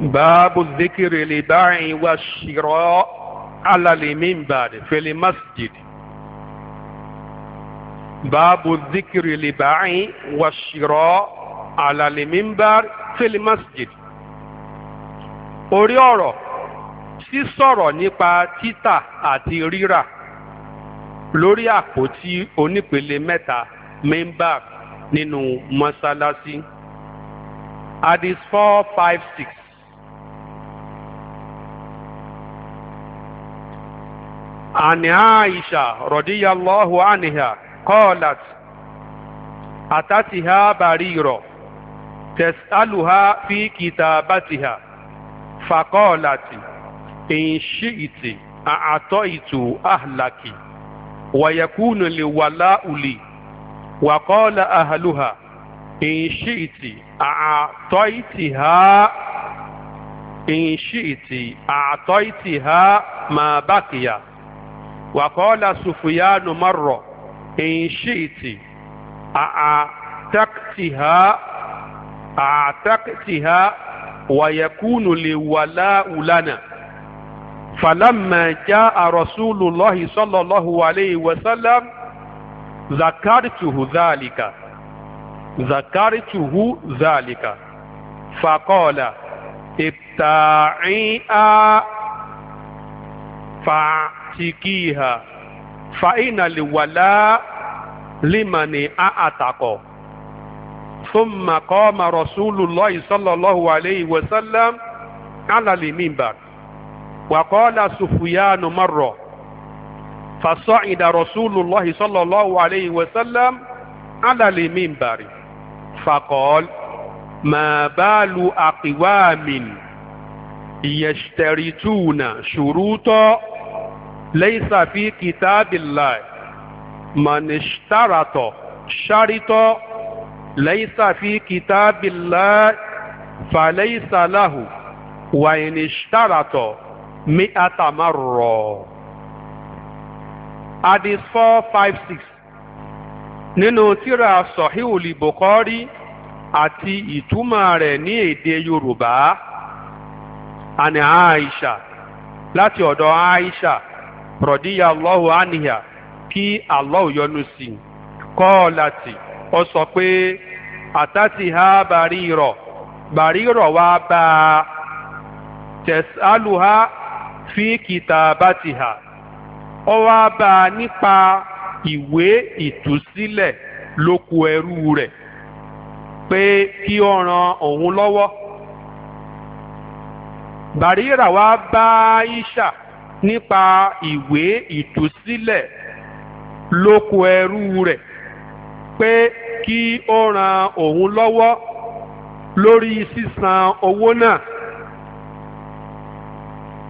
باب الذكر للبيع والشراء على المنبر في المسجد باب الذكر للبيع والشراء على المنبر في المسجد orí ọ̀rọ̀ sísọ̀rọ̀ nípa títà àti rírà lórí àpótí onípele mẹ́ta mimbar nínú mọ́sálásí hadith four five six. عن عائشة رضي الله عنها قالت أتتها بريرة تسألها في كتابتها فقالت إن شئت أعطيت أهلك ويكون الولاء لي وقال أهلها إن شئت أعطيتها إن شئت أعطيتها ما بقي wàkọ́ọ́lá sùfìyánù márọ̀ ìṣìtì àtàkìtìhá àtàkìtìhá wàyẹ̀kúnù lè wà láwùlánà fàlámà já àròsúlù lọ́hì sọ́lọ́lọ́hù wàlẹ́ ìwẹ̀sálàm zakárìtùhù záàlìkà zakárìtùhù záàlìkà fàkọ́ọ̀lá ìtààín á fàá àtìkìhà fàínàlì wàlá límàní àtàkọ ثم قام رسول الله صلى الله عليه وسلم على المنبر وقال سفيان مرة فصعد رسول الله صلى الله عليه وسلم على المنبر فقال ما بال أقوام يشترطون شروطا ليس في كتاب الله من اشترط شرط ليس في كتاب الله فليس له وإن اشترط مئة مرة Hadith 456 nínú tírà Sahihul Bukhari àti ìtumọ̀ rẹ̀ ní èdè Yorùbá àní Aisha láti ọ̀dọ̀ Aisha. rọ̀díyà allahu aniha kí allahu yọ́nú sí i kọ́ọ̀láti ó sọ pé àtàtì ha bàrírọ̀ rọ wá bá a tẹ̀sálùhá fi kìtà kìtàbátìhà ó wá bá a nípa ìwé ìtúsílẹ̀ lóko ẹrú rẹ̀ pé kí ó ran òun lọ́wọ́ bàrírà wá bá a ìṣà. nípa ìwé ìtúsílẹ̀ lóko ẹrú rẹ̀ pé kí ó ran òun lọ́wọ́ lórí sísan owó náà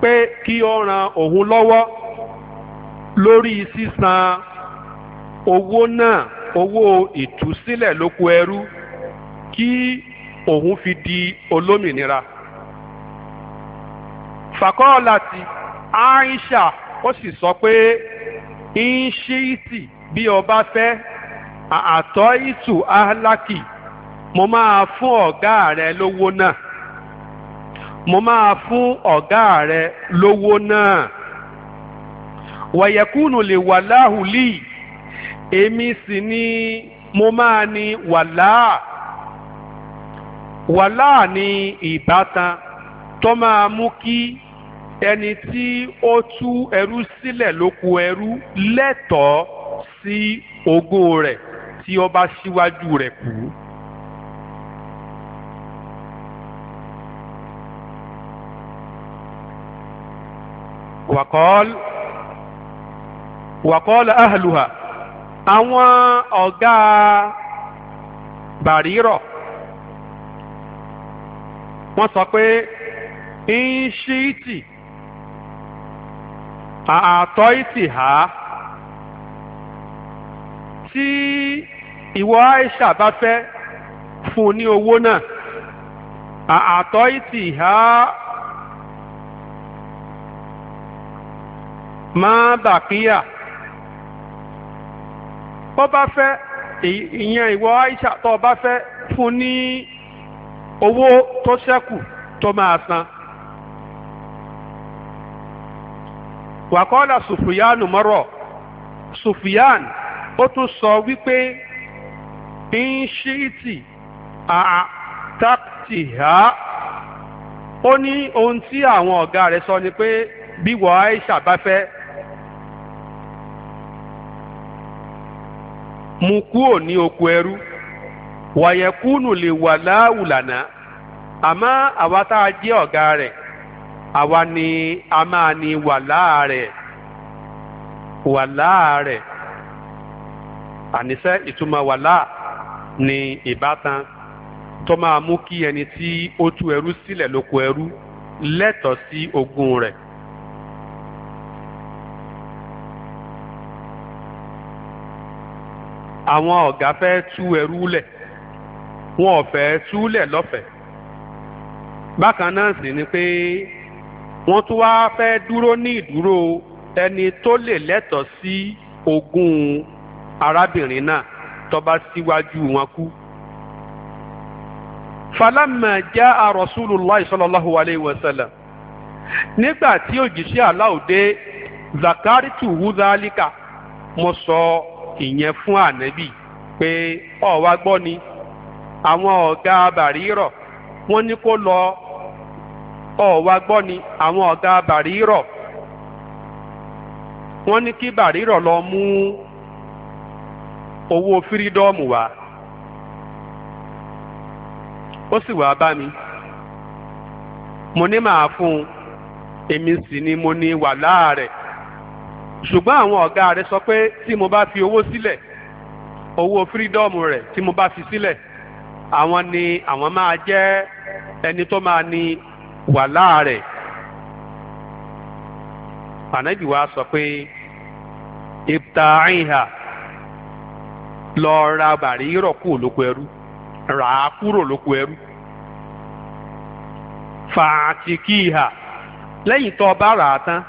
pé kí ó ran òun lọ́wọ́ lórí sísan owó náà owó ìtúsílẹ̀ lóko ẹrú kí òun fi di olómìnira. fàkọ́ọ̀lá ti. Aisha ó sì sọ pé inṣíìtì bí ọba fẹ́ àtọ́ ìtù alákì mo máa fún ọ̀gá rẹ lówó náà mo máa fún ọ̀gá rẹ lówó náà wàyẹ̀kùnù lè wà láhùlì èmi sì ni mo máa ní wàláà ni ìbátan tó máa mú ẹni tí ó tú ẹrú sílẹ̀ ló kù ẹrú lẹ́tọ̀ọ́ sí ogún rẹ̀ tí ó bá síwájú rẹ̀ kú. wàkọ́ọ́l wàkọ́ọ́l ahluha àwọn ọ̀gá bàrírọ̀ wọ́n sọ pé ń àtọ́ ìtì ha tí ìwọ Aisha bá fẹ́ fún ní owó náà àtọ́ ìtì ha máa kíyà bọ́ bá fẹ́ ìyẹn ìwọ Aisha tó bá fẹ́ fún ní owó tó ṣẹ́kù tó máa san. wàkọ́lá sùfìyàn mọ́rọ̀ sùfìyàn ó tún sọ wípé ìṣíìtì àtàkì ha ó ní ohun tí àwọn ọ̀gá rẹ̀ sọ ni pé bí wọ́n Aisha bá fẹ́ mu kúò ní oko ẹrú wàyẹ̀kúnù lè wà láwùlànà àmọ́ àwa tá a jẹ́ ọ̀gá rẹ̀ àwa ni a máa ní wàlá rẹ̀ wàlá rẹ̀ àníṣe ìtumọ̀ wàlá ni ìbátan tó máa mú kí ẹni tí ó tú ẹrú sílẹ̀ lóko ẹrú lẹ́tọ̀ọ́ sí ogún rẹ̀. àwọn ọ̀gá fẹ́ tú ẹrú lẹ̀ wọn ò fẹ́ tú lẹ̀ lọ́fẹ̀ẹ́ bákan náà sì ni pé wọ́n tún wá fẹ́ dúró ní ìdúró ẹni tó lè lẹ́tọ̀ọ́ sí ogún arábìnrin náà tó síwájú wọn kú. falamma jaa rasulullah sallallahu alayhi wa sallam nígbà tí òjìṣẹ́ aláòde zakaritu wúzálíkà mo sọ ìyẹn fún ànábì pé ọ̀wá gbọ́ ni àwọn ọ̀gá bàrírọ̀ wọ́n ní kó lọ ọ̀wá gbọ́ ni àwọn ọ̀gá bàrírọ̀ wọ́n ní kí bàrírọ̀ lọ mú owó fírídọ́ọ̀mù wá ó sì wá bá mi mo ní màá fún un èmi sì ni mo ní wà láàrẹ̀ ṣùgbọ́n àwọn ọ̀gá rẹ̀ sọ pé tí mo bá fi owó sílẹ̀ owó fírídọ́ọ̀mù rẹ̀ tí mo bá fi sílẹ̀ àwọn ni àwọn máa jẹ́ ẹni tó máa ní wà láàrẹ̀ ànábì wa sọ pé ibtaa'iha lọ ra bàrí rọ̀ kúrò lóko ẹrú rà á kúrò lóko ẹrú fàtìkìhà lẹ́yìn tó bá rà á tán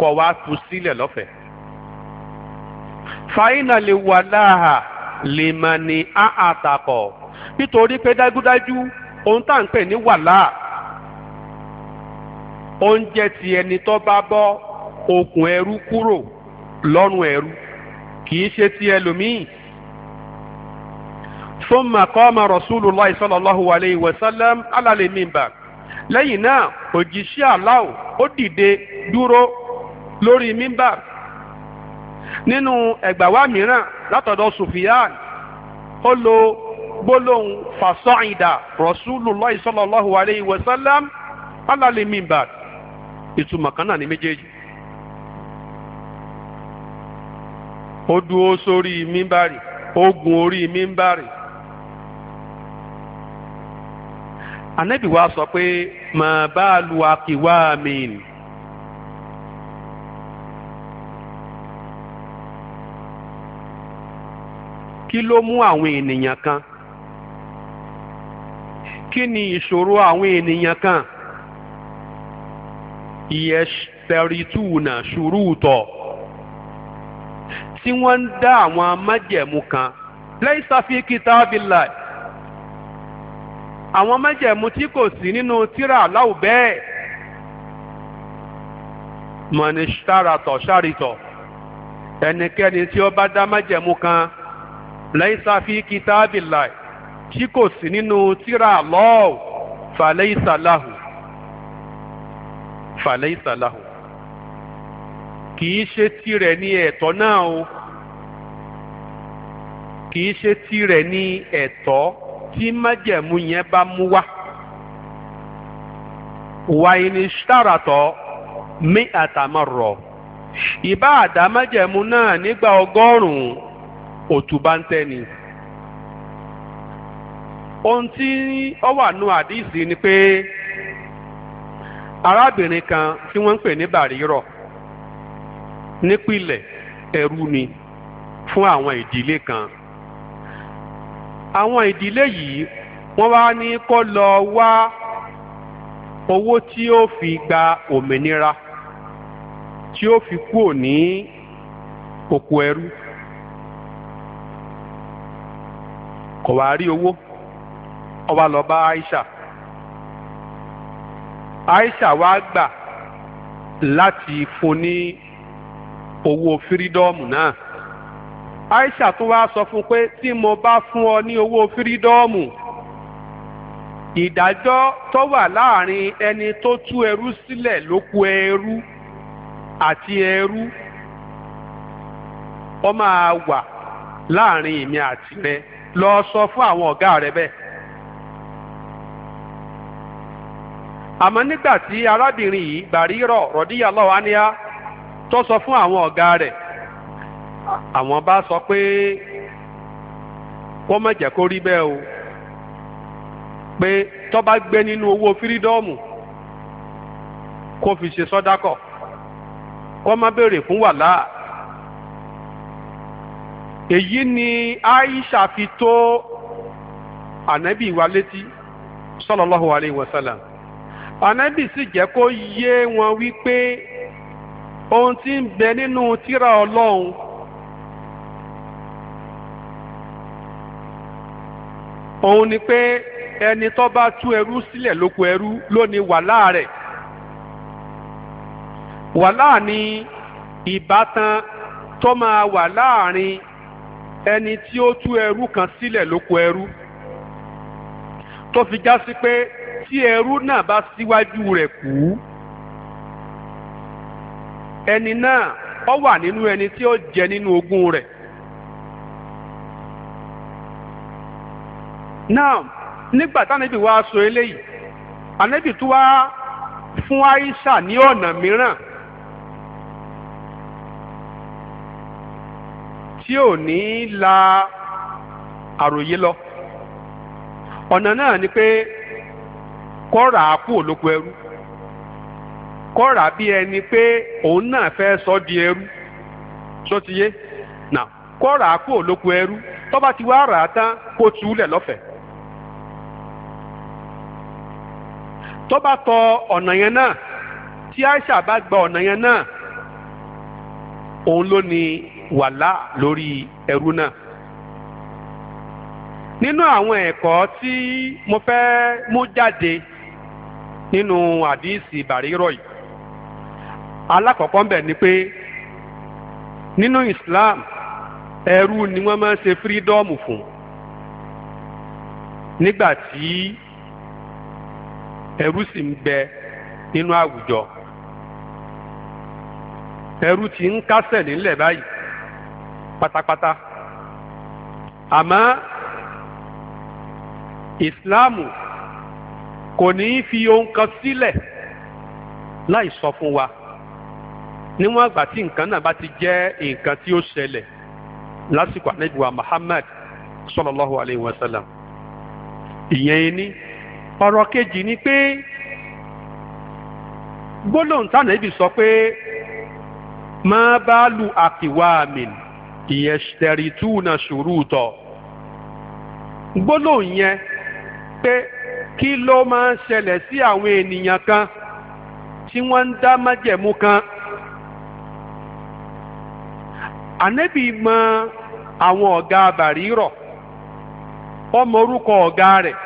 kọ̀ wá tu sílẹ̀ lọ́fẹ̀ẹ́. fàyínà lè wà láàhà lè mà ní àtàkọ̀ nítorí pé dájúdájú ohun tá à ń pè ní wàláà oúnjẹ ti ẹni tó bá bọ́ okùn ẹrú kúrò lọ́rùn ẹrú kì í ṣe ti ẹlòmíì. thumma qama Rasulullahi sallallahu alayhi wa sallam ala al-minbar lẹ́yìn náà òjíṣẹ́ Allah ó dìde dúró lórí minbar nínú ẹgbàwá mìíràn látọ̀dọ̀ Sufyan ó lo gbólóhùn fasa'ida Rasulullahi sallallahu alayhi wa sallam ala al ìtumọ̀ na náà ní méjèèjì. ó dúró Imi mímbàrì ó gun orí mímbàrì. ànábì wa sọ pé ma bá lu akiwa mi nì. kí ló mú àwọn ènìyàn kan kí ni ìṣòro àwọn ènìyàn kan. yẹsẹ̀rìtúnà ṣùrùtọ̀ tí wọ́n da dá àwọn májẹ̀mú kan laysa fi kitabillah àwọn májẹ̀mú tí kò sí nínú tírà aláwù bẹ́ẹ̀ mọ̀nìṣàràtọ̀ ṣàrìtọ̀ ẹnikẹ́ni tí ó bá dá májẹ̀mú kan laysa fi kitabillah tí kò sí nínú tírà aláwù fa laysa lahu. falaysa lahu kì í ṣe tirẹ̀ ní ẹ̀tọ́ náà o kì í ṣe tirẹ̀ ní ẹ̀tọ́ tí májẹ̀mú yẹn bá mú wá wàyìn ṣàràtọ̀ mí àtàmọ̀rọ̀ ìbá àdá àdámájẹ̀mú náà nígbà ọgọ́rùn-ún òtúbá ń tẹ́ni ohun tí ó wà nù àdìsí ni pé. arábìnrin kan tí wọ́n ń pè ní bàrírọ̀ nípìnlẹ̀ ẹrú ni fún àwọn ìdílé kan àwọn ìdílé yìí wọ́n wá ní kó lọ wá owó tí ó fi gba òmìnira tí ó fi kúrò ní òkú ẹrú kò wá rí owó ó lọ bá Aisha. Aisha wá gbà láti fún ní owó fírídọ́ọ̀mù náà Aisha tó wá sọ fún pé tí mo bá fún ọ ní owó fírídọ́ọ̀mù ìdájọ́ tó wà láàrin ẹni tó tú ẹrú sílẹ̀ lóko ẹrú àti ẹrú ó máa wà láàrin èmi àti rẹ lọ sọ fún àwọn ọ̀gá rẹ bẹ́ẹ̀. àmọ́ nígbà tí arábìnrin yìí bàrírọ̀ rọ̀díyàlọ́ àníyá tó sọ fún àwọn ọ̀gá rẹ̀ àwọn bá sọ pé kó mọ̀ jẹ́ kó rí o pé tó bá gbé nínú owó fírídọ́ọ̀mù kó fi ṣe sọ́dákọ̀ fún wàhálà èyí ni Aisha fi tó ànábì wa létí ànábì sì jẹ́ kó yé wọn wípé ohun tí ń bẹ nínú tírà ọlọ́run òun ni pé ẹni tó bá tú ẹrú sílẹ̀ lóko ẹrú ló ní wàhálà rẹ̀ wàhálà ni ìbátan tó máa wà láàrin ẹni tí ó tú ẹrú kan sílẹ̀ lóko ẹrú tó fi já sí pé tí ẹrú náà bá síwájú rẹ̀ kú ẹni náà ọ wà nínú ẹni tí ó jẹ nínú ogún rẹ̀. náà nígbà tánábì wá sọ eléyìí ànábì tó wá fún Aisha ní ọ̀nà mìíràn tí ò ní la àròyé lọ ọ̀nà náà ni pé kọ́ra kú olóko ẹrú kọ́ra bí ẹni pé òun náà fẹ́ sọ di ẹrú sọ ti yé nà kọ́ra kú olóko ẹrú tó ti wá rà á tán kó túlẹ̀ lọ́fẹ̀ẹ́. tó tọ ọ̀nà yẹn náà tí Aisha bá gba ọ̀nà yẹn náà òun ló ní wàhálà lórí ẹrú náà nínú àwọn ẹ̀kọ́ tí mo fẹ́ mú jáde nínú àdíìsì bàrírọ̀ yìí alákọ̀ọ́kọ́ ń bẹ̀ ni pé nínú Islam ẹrú ni wọ́n máa ń ṣe fírídọ́ọ̀mù fún nígbà tí ẹrú sì ń bẹ nínú àwùjọ ẹrú ti ń kásẹ̀ nílẹ̀ báyìí pátápátá àmọ́ ìsìláàmù kò ní í fi ohun kan sílẹ̀ láì sọ fún wa níwọ̀n àgbà tí nǹkan náà bá ti jẹ́ nǹkan tí ó ṣẹlẹ̀ lásìkò ànábìwá Muhammad sallallahu alayhi wa sallam ìyẹn ni ọ̀rọ̀ kejì ni pé gbólóhùn tánàbì sọ pé máa bá lu àkìwáàmìn ìyẹn tẹ̀rìtúùnà ṣùrùtọ̀ gbólóhùn yẹn pé kí ló máa ń ṣẹlẹ̀ sí àwọn ènìyàn kan tí wọ́n ń dá májẹ̀mú kan ànẹ́bì mọ àwọn ọ̀gá rọ̀. ọmọ orúkọ ọ̀gá rẹ̀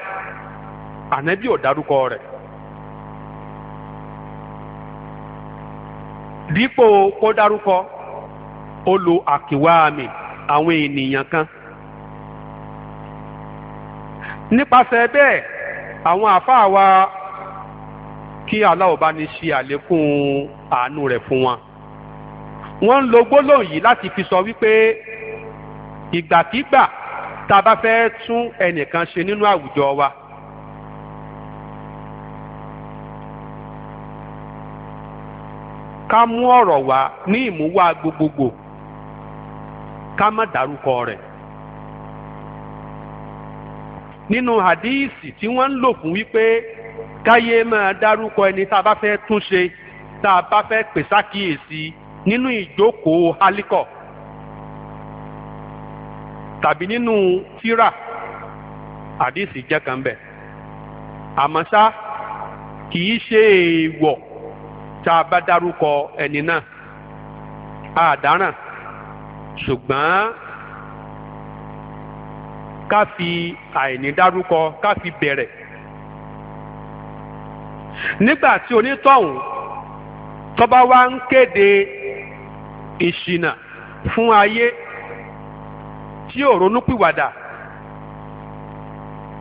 ànẹ́bì ò dárúkọ rẹ̀ dípò kó dárúkọ ó lo àkíwáàmì àwọn ènìyàn kan nípasẹ̀ bẹ́ẹ̀. àwọn àáfàá wa kí Allah bá ní ṣe àlékún àánú rẹ̀ fún wọn wọ́n ń lo gbólóhùn yìí láti fi sọ wípé ìgbàkígbà tá a bá fẹ́ tún ẹnìkan ṣe nínú àwùjọ wa ká mú ọ̀rọ̀ wá ní ìmúwá gbogbogbò ká má dárúkọ rẹ̀ nínú hadíìsì tí wọ́n ń lò fún wípé káyé máa dárúkọ ẹni tá a bá fẹ́ túnṣe tá a bá fẹ́ pè sákìyèsí nínú ìjókòó hálíkọ̀ tàbí nínú tírà hadíìsì jẹ́ kan bẹ̀ àmọ́ ṣá kì í ṣe èèwọ̀ tá a bá dárúkọ ẹni náà àdáràn ṣùgbọ́n. ká fi àìní dárúkọ ká fi bẹ̀rẹ̀ nígbà tí onítọ̀hún wa bá wá ń kéde ìṣìnà fún ayé tí ò ronúpìwàdà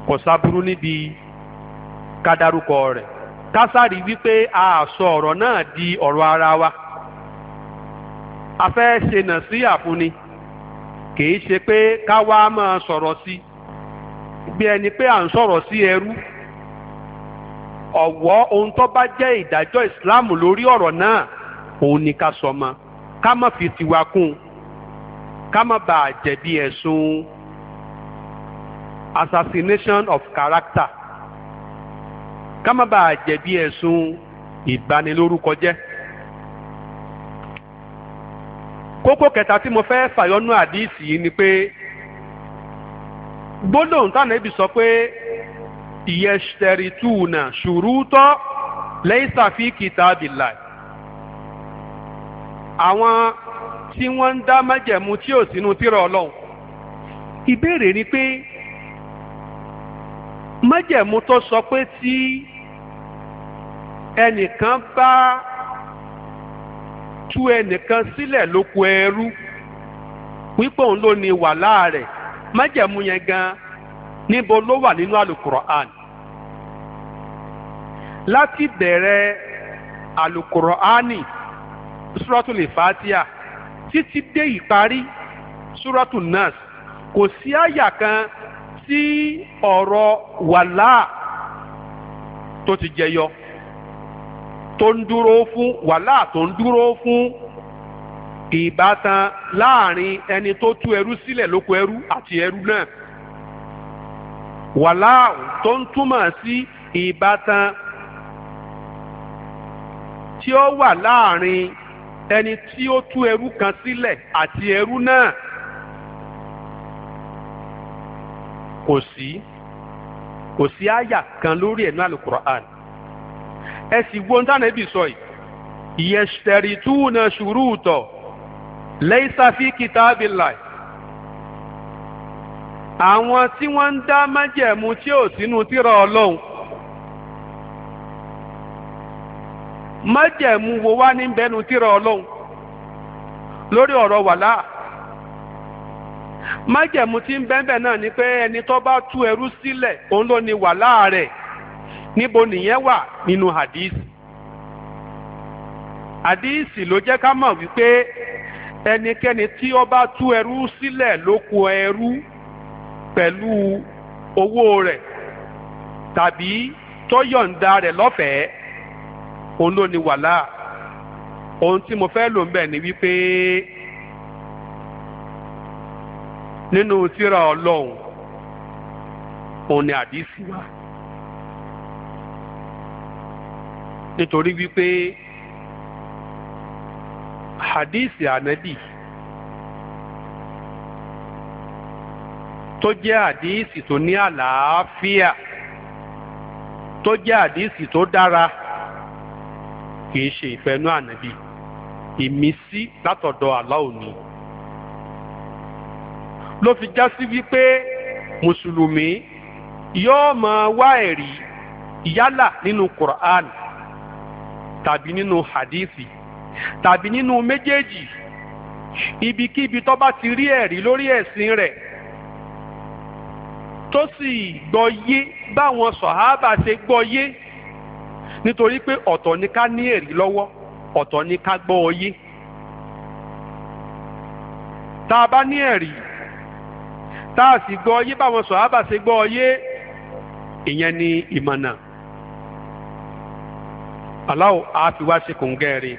kò sábúrú níbi ká dárúkọ rẹ̀ kásárì wípé a sọ ọ̀rọ̀ náà di ọ̀rọ̀ ara wa a fẹ́ ṣe nà sí àfúnni. Si kìí ṣe pé káwa máa sọ̀rọ̀ sí bí ẹni pé à ń sọ̀rọ̀ sí ẹrú ọ̀wọ́ ohun tó bá jẹ́ ìdájọ́ ìsìláàmù lórí ọ̀rọ̀ náà òun ni ká sọ mọ́ ká má fi tiwa kún ká má bàa jẹ̀bi ẹ̀sùn assassination of character ká má bàa jẹ̀bi ẹ̀sùn ìbanilórúkọjẹ́. kókó kẹta tí mo fẹ́ fàyọnú àdìsí yìí ni pé gbólóhùn tánàbì sọ pé ìyẹsẹ̀rìtùnà ṣùrùtọ́ lẹ́yìnsàfí kìtàbìlà àwọn tí wọ́n ń dá májẹ̀mú tí ò sínú tírà ọlọ́run ìbéèrè ni pé májẹ̀mú tó sọ pé tí ẹnìkan bá tú ẹnìkan sílẹ̀ lóko ẹrú wípé òun ló ní wàhálà rẹ̀ májẹ̀mú yẹn gan níbo ló wà nínú àlùkùránì láti bẹ̀rẹ̀ àlùkùránì suratu Fatiha títí dé ìparí suratul Nas kò sí àyà kan sí ọ̀rọ̀ wàhálà tó ti jẹyọ tó ń dúró fún wàhálà tó ń dúró fún ìbátan láàrin ẹni tó tú ẹrú sílẹ̀ lóko ẹrú àti ẹrú náà wàhálà tó ń túmọ̀ sí ìbátan tí ó wà láàrin ẹni tí ó tú ẹrú kan sílẹ̀ àti ẹrú náà kò sí kò sí àyà kan lórí ẹ̀nu àlùkùránì. ẹ sì wo ntànẹ́bì sọ yìí yẹ̀sítẹ̀rì tú ṣùrù tọ̀ lẹ́yìísàfí kìtàbílà àwọn tí wọ́n ń dá májẹ̀mú tí ò sínú tíra ọlọ́run májẹ̀mú wo wá ní bẹnu tíra ọlọ́run lórí ọ̀rọ̀ wàlá. tí ń náà ni pé ẹni tó bá tú ẹrú òun ló ní níbo nìyẹn wà nínú hadisi hadisi ló jẹ́ ká mọ̀ wípé ẹnikẹ́ni tí ó bá tú ẹrú sílẹ̀ lóko ẹrú pẹ̀lú owó rẹ̀ tàbí tó yọ̀ǹda rẹ̀ lọ́fẹ̀ẹ́ òun ló ní wàhálà ohun tí mo fẹ́ lò ń bẹ̀ ni wípé nínú tírà ọlọ́run òun ni àdìsí wa. nítorí wípé hadith anabi tó jẹ́ hadith tó ní àlàáfíà tó jẹ́ hadith tó dára kìí ṣe ìfẹ́nú ànábì ìmísí látọ̀dọ̀ aláwo ni ló fi já sí wípé mùsùlùmí yóò máa wá ẹ̀rí yálà nínú Qur'an tàbí nínú hadithi tàbí nínú méjèèjì ibikíbi tó bá ti rí ẹ̀rí lórí ẹ̀sìn rẹ̀ tó sì gbọ́ yé báwọn sọ̀hábà ṣe gbọ́ yé nítorí pé ọ̀tọ̀ ni ká ní ẹ̀rí lọ́wọ́ ọ̀tọ̀ ni ká gbọ́ ọ tá a bá ní ẹ̀rí tá a sì gbọ́ yé báwọn sọ̀hábà ṣe gbọ́ ọ ìyẹn ni ìmọ̀nà aláwo á fi wá sí kòńgẹ́ rẹ̀.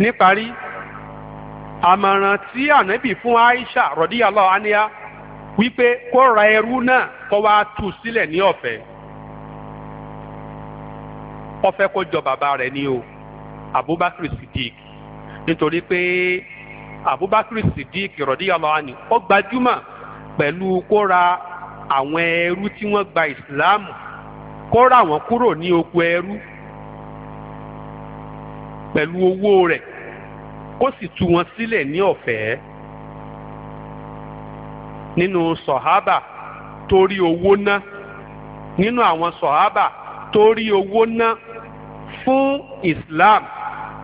níparí àmọ̀ràn tí ànábì fún Aisha rọ̀díyàlọ́ aníyá wípé kó ra ẹrú náà kó wá tú sílẹ̀ ní ọ̀fẹ́ ọ̀fẹ́ kó jọ bàbá rẹ̀ ní o Abubakar Siddiq nítorí pé Abubakar Siddiq rọ̀díyàlọ́ aní ó gbajúmọ̀ pẹ̀lú kó ra àwọn ẹrú tí wọ́n gba ìsìláàmù kó wọn wọ́n kúrò ní oko ẹrú pẹ̀lú owó rẹ̀ kó sì tú wọn sílẹ̀ ní ọ̀fẹ́ nínú sọ̀hábà torí owó ná nínú àwọn sọ̀hábà tó owó ná fún Islam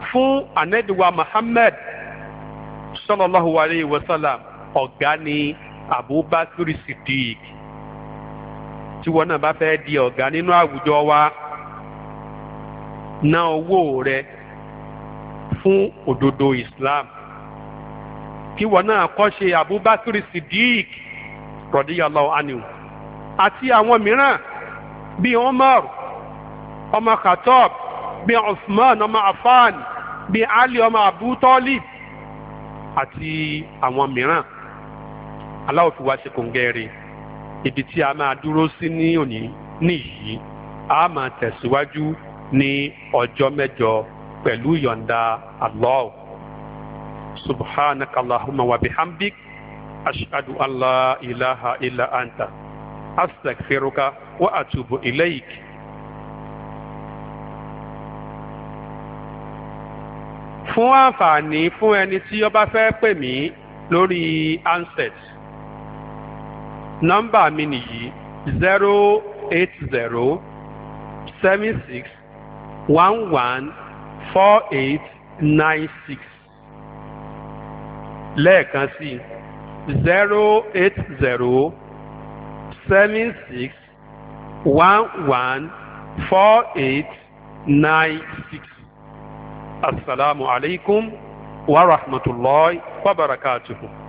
fún anadiwa Muhammad sallallahu alayhi wa sallam ọ̀gá ni Abubakar Siddiq. tí wọn náà bá fẹ́ di ọ̀gá nínú àwùjọ wa ná owó rẹ fún òdodo Islam kí wọn náà kọ́ṣe Abubakar Siddiq rọ̀díyàlọ́ aniu àti àwọn mìíràn bíi Omar ọmọ Khattab bíi Usman ọmọ Affan bíi Ali ọmọ Abu Talib àti àwọn mìíràn aláwọ̀ fi wá ṣe kòǹgẹ́rì ibi tí a máa dúró sí ní òní nìyí a máa tẹ̀síwájú ní ọjọ́ mẹ́jọ pẹ̀lú yọ̀ǹda Allah subhanaka allahumma wa bihamdik ashadu Allah ilaha illa anta astaghfiruka wa atubu ilayk. fún àǹfààní fún ẹni tí ó bá fẹ́ pè mí lórí answers nọ́mbà mi nìyí zero eight zero seven six one one four eight nine six lẹ́ẹ̀kan sí zero eight zero seven six one one four eight nine six asalaamualeykum wa rahmatulahi wa barakatuhu.